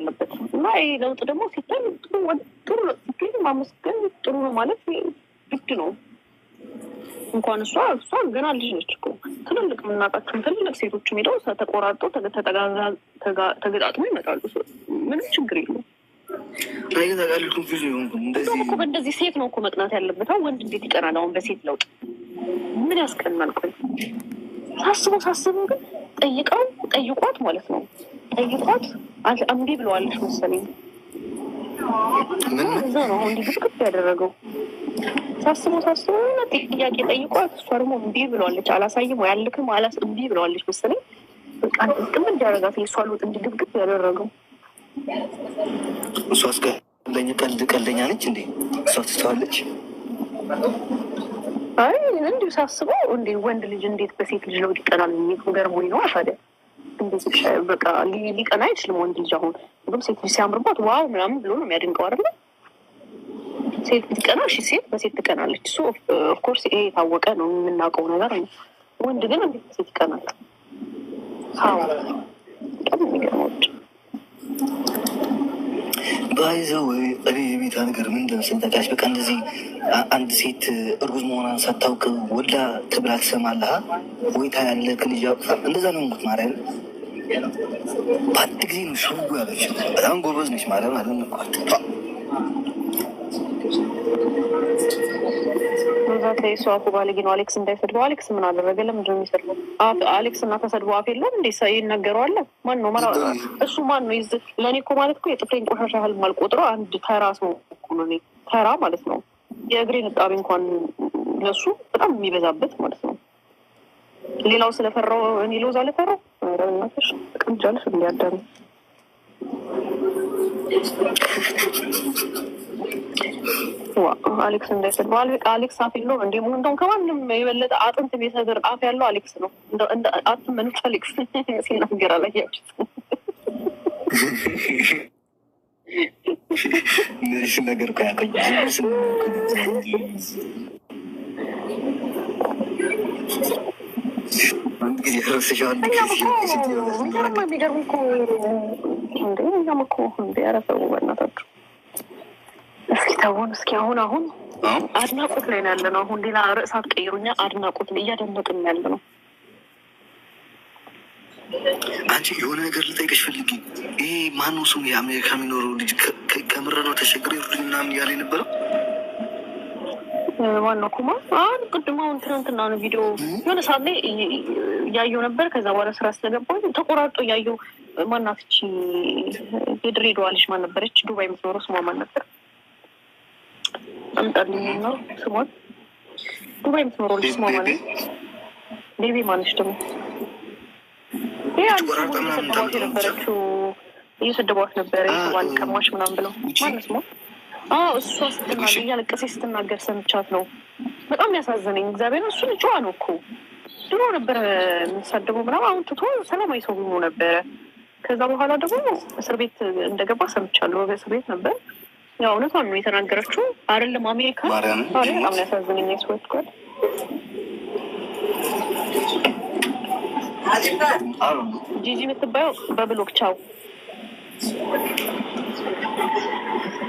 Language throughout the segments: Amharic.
አለበት እና ይህ ለውጥ ደግሞ ሲታይ ጥሩ ለውጥ ሲገኝ ማመስገን ጥሩ ነው ማለት ግድ ነው። እንኳን እሷ እሷ ገና ልጅ ነች እኮ ትልልቅ የምናውቃቸውን ትልልቅ ሴቶችም ሄደው ተቆራርጦ ተገጣጥሞ ይመጣሉ። ምንም ችግር የለም። እንደውም በእንደዚህ ሴት ነው እኮ መቅናት ያለበት። ወንድ እንዴት ይቀናል? አሁን በሴት ለውጥ ምን ያስቀናል? ቆይ ሳስበው ሳስበው ግን ጠይቀው ጠይቋት ማለት ነው ጠይቋት እምቢ ብለዋለች መሰለኝ። እዛ ነው አሁን ልጁ ክፍ ያደረገው። ሳስቦ ሳስቦ የሆነ ጥያቄ ጠይቋት፣ እሷ ደግሞ እምቢ ብለዋለች። አላሳይም ወይ አልክም አላስ እምቢ ብለዋለች መሰለኝ። በቃ ጥቅም እንዲያደረጋት የእሷ ልውጥ እንዲግብግብ ያደረገው እሷ እስከ ቀልድ ቀልደኛ ነች እንዴ? እሷ ትተዋለች። አይ እንዲሁ ሳስበው እንዴ ወንድ ልጅ እንዴት በሴት ልጅ ለውጥ ይቀናል? ገርሞኝ ነው አሳደ ሴት እንደዚህ በቃ ሊቀና አይችልም ወንድ ልጅ። አሁን ሁሉም ሴት ልጅ ሲያምርባት ዋው ምናምን ብሎ ነው የሚያደንቀው አይደለ? ሴት ትቀና፣ እሺ ሴት በሴት ትቀናለች። እሱ ኦፍኮርስ ይሄ የታወቀ ነው የምናውቀው ነገር ነው። ወንድ ግን እንዴት ሴት ይቀናል? በጣም የሚገርመች ባይዘው እኔ የቤታ ነገር ምንድን ነው ስንጠቃሽ በቃ እንደዚህ አንድ ሴት እርጉዝ መሆኗን ሳታውቅ ወላ ትብላ ትሰማለህ ወይ ታያለህ፣ ልጅ እንደዛ ነው ንጉት ማርያም በአንድ ጊዜ ነው ሽጉ ያለች። በጣም ጎበዝ ነች ማለት አደነኳት። ከሷ ባለጌ ነው። አሌክስ እንዳይሰድበው። አሌክስ ምን አደረገ? ለምንድን ነው የሚሰድበው? አሌክስ እና ተሰድበው አፍ የለም እንዴ? ሰ ይነገረዋለ ማን ነው እሱ? ማን ነው ይዝ ለእኔ እኮ ማለት እኮ የጥፍሬን ቆሻሻ ያህል ማልቆጥረው አንድ ተራ ሰው ተራ ማለት ነው። የእግሬ ንጣቤ እንኳን ለሱ በጣም የሚበዛበት ማለት ነው። ሌላው ስለፈራው እኔ ሎዛ ለፈራው ረናሽ ቀምጃልሽ እንዲያዳም አሌክስ እንዳይሰድበው አሌክስ አፍ የለውም እንዲ መሆን እንደውም ከማንም የበለጠ አጥንት የሚሰብር አፍ ያለው አሌክስ ነው። አትመኑት አሌክስ ሲናገር አላያችሁትም? ነገር ያቀኝ እስኪ ተውን። እስኪ አሁን አሁን አድናቆት ላይ ነው ያለ ነው። አሁን ሌላ ርዕስ አትቀይሩኛ። አድናቆት ላይ እያደነቅን ያለ ነው። አንቺ የሆነ ነገር ልጠይቅሽ ፈልጊ። ይሄ ማነው ስሙ የአሜሪካ የሚኖረው ልጅ ከምረነው ተሸግሮ ምናምን እያለ የነበረው ዋናው ኩማ አሁን ቅድም አሁን ትናንትና ነው ቪዲዮ የሆነ ሰዓት ላይ እያየሁ ነበር። ከዛ በኋላ ስራ ስለገባኝ ተቆራርጦ እያየው ማናፍቺ የድሬዳዋ ልጅ ማን ነበረች? ዱባይ የምትኖረው ስሟ ማን ነበር? አምጣልኝ ነው ስሟን። ዱባይ የምትኖረው ልጅ ስሟ ማን ቤቢ ማነች ደግሞ የነበረችው እየሰደቧት ነበረ የተባል ቀማሽ ምናምን ብለው ማነው ስሟ አዎ እሷ ስትናገር እያለቀሰች ስትናገር ሰምቻት ነው። በጣም ያሳዘነኝ እግዚአብሔር እሱን ልጅዋ ነው እኮ ድሮ ነበረ የሚሳደበው ምናምን፣ አሁን ትቶ ሰላማዊ ሰው ሆኖ ነበረ። ከዛ በኋላ ደግሞ እስር ቤት እንደገባ ሰምቻለሁ። በእስር ቤት ነበር። ያው እውነቷን ነው የተናገረችው። አይደለም አሜሪካ በጣም ያሳዝነኝ ስወት ጓል ጂጂ የምትባየው በብሎክ ቻው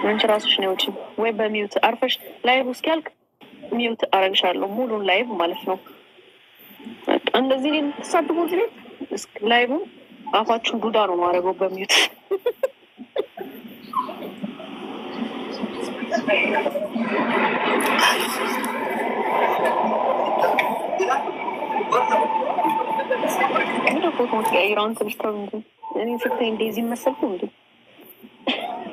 አንቺ ራስሽ ነው ውጪ ወይ በሚዩት አርፈሽ ላይቭ እስኪያልቅ ሚዩት አረግሻለሁ ሙሉን ላይቭ ማለት ነው። እንደዚህ ተሳድቦት ቤት ላይቭ አፋችን ዱዳ ነው ማድረገው በሚዩት ፎቶ ቀይራውን ስልሽ ተው እንጂ እኔ ስትይ እንደዚህ መሰልኩ እንዴ?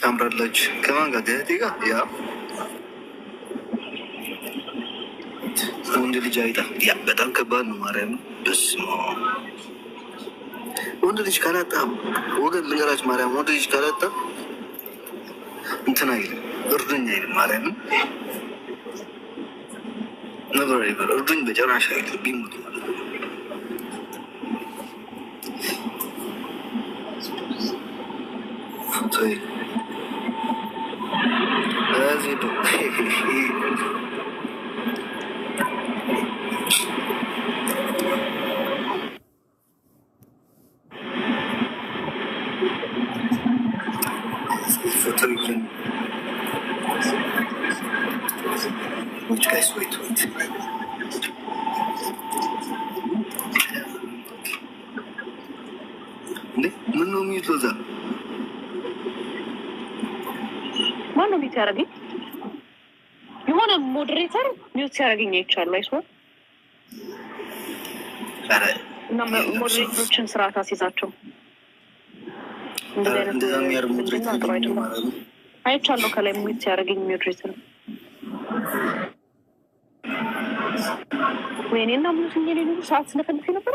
ታምራላችሁ። ከማን ጋር ገህቴ ጋር ያ ወንድ ልጅ አይጣ ያ በጣም ከባድ ነው። ማርያም በስመ አብ ወንድ ልጅ ካላጣ ወገን ልንገራችሁ፣ ማርያም ወንድ ልጅ ካላጣ እንትን አይልም፣ እርዱኝ አይልም ማርያምን ነበር እርዱኝ፣ በጨራሻ አይቶ ቢሞት ማለት ነው። እንዴ ምን ነው ሚዩት? በዛ ማን ነው ሚዩት ያደረገኝ? የሆነ ሞዴሬተር ሚዩት ሲያደረገኝ አይቻሉ አይስ እና ሞዴሬተሮችን ስርዓት አስይዛቸው አይቻለሁ። ከላይ ሚዩት ሲያደረገኝ ሞዴሬተር ወይኔ እና ምኑት ሌሉ ሰዓት ስለፈልፍ ነበረ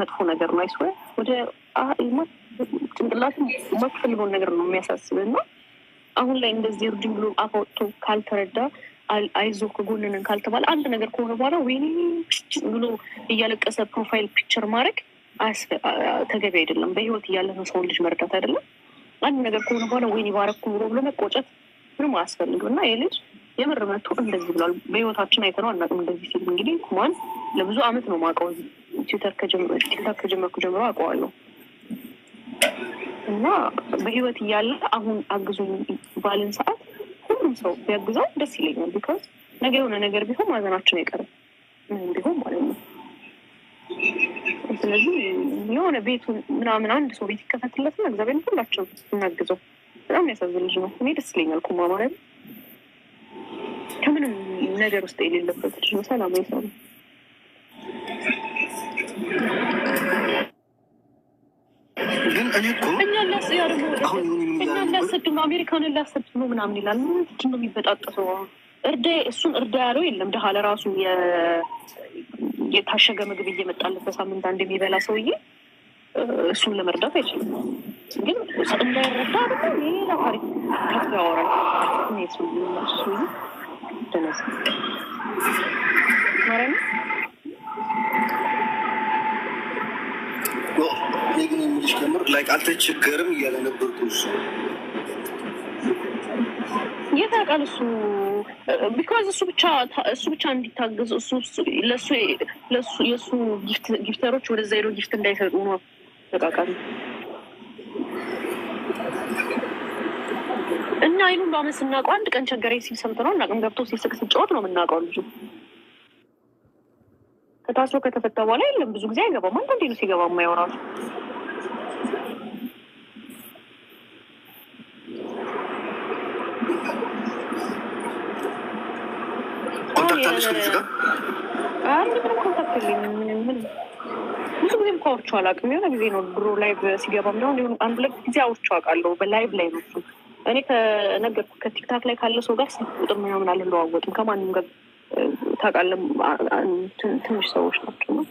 መጥፎ ነገር ነው። አይስወ ወደ ጭንቅላት የማትፈልገውን ነገር ነው የሚያሳስብ እና አሁን ላይ እንደዚህ እርድ ብሎ አፈወጥቶ ካልተረዳ አይዞ ከጎንንን ካልተባለ አንድ ነገር ከሆነ በኋላ ወይ ብሎ እያለቀሰ ፕሮፋይል ፒክቸር ማድረግ ተገቢ አይደለም። በህይወት እያለን ሰውን ልጅ መርዳት አይደለም። አንድ ነገር ከሆነ በኋላ ወይኔ ባረኩ ኑሮ ብሎ መቆጨት ምንም አያስፈልግም እና ይህ ልጅ የምር መቶ እንደዚህ ብሏል። በህይወታችን አይተነው አናውቅም እንደዚህ ሲል እንግዲህ ማን ለብዙ አመት ነው ማውቀው ቲዩተር ቲክታክ ከጀመርኩ ጀምሮ አውቀዋለሁ እና በህይወት እያለ አሁን አግዙኝ ባልን ሰዓት ሁሉም ሰው ቢያግዘው ደስ ይለኛል። ቢካዝ ነገ የሆነ ነገር ቢሆን ማዘናችን አይቀርም ምንም ቢሆን ማለት ነው። ስለዚህ የሆነ ቤቱ ምናምን አንድ ሰው ቤት ይከፈትለት ና እግዚአብሔር ሁላቸው እናግዘው። በጣም የሚያሳዝን ልጅ ነው። እኔ ደስ ይለኛል። ኩማ ማለት ከምንም ነገር ውስጥ የሌለበት ልጅ ነው። ሰላማዊ ሰው ነው። እኔ አሜሪካንን ላሰድብ ነው ምናምን ይላል። ምንድን ነው የሚበጣጠሰው? እርዳ እሱን እርዳ ያለው የለም። ድሀ ለራሱ የታሸገ ምግብ እየመጣለት በሳምንት አንድ የሚበላ ሰውዬ እሱን ለመርዳት አይችልም። ግን እንዳይረዳ ደግሞ ሌላ ታሪክ ከፍ ያወራል። እኔ እሱ ደነዝ እኔ ግን የምልሽ ከምር ላይክ አልተቸገርም እያለ ነበርኩ። እሱ የት ያውቃል እሱ ቢካዝ እሱ ብቻ እሱ ብቻ እንዲታገዝ ለሱ የእሱ ጊፍተሮች ወደዛ ሄዶ ጊፍት እንዳይሰጡ ነው ተቃቃሚ እና አይኑን በአመት ስናውቀው አንድ ቀን ቸገረኝ ሲል ሰምተነው እናቅም ገብቶ ሲስቅ ሲጫወት ነው የምናውቀው ልጁ ከታስሮ ከተፈታ በኋላ የለም ብዙ ጊዜ አይገባም። አንዳንዴ ነው ሲገባ የማይወራው ብዙ ጊዜም ካወርቹ አላውቅም። የሆነ ጊዜ ነው ድሮ ላይቭ ሲገባ እንደሆነ ሆኑ አንድ ሁለት ጊዜ አወርቹ አውቃለሁ። በላይቭ ላይ ነው እኔ ከነገር ከቲክታክ ላይ ካለ ሰው ጋር ስልክ ቁጥር ምናምን አልለዋወጥም ከማንም ጋር ታውቃለህ። ትንሽ ሰዎች ናቸው ነው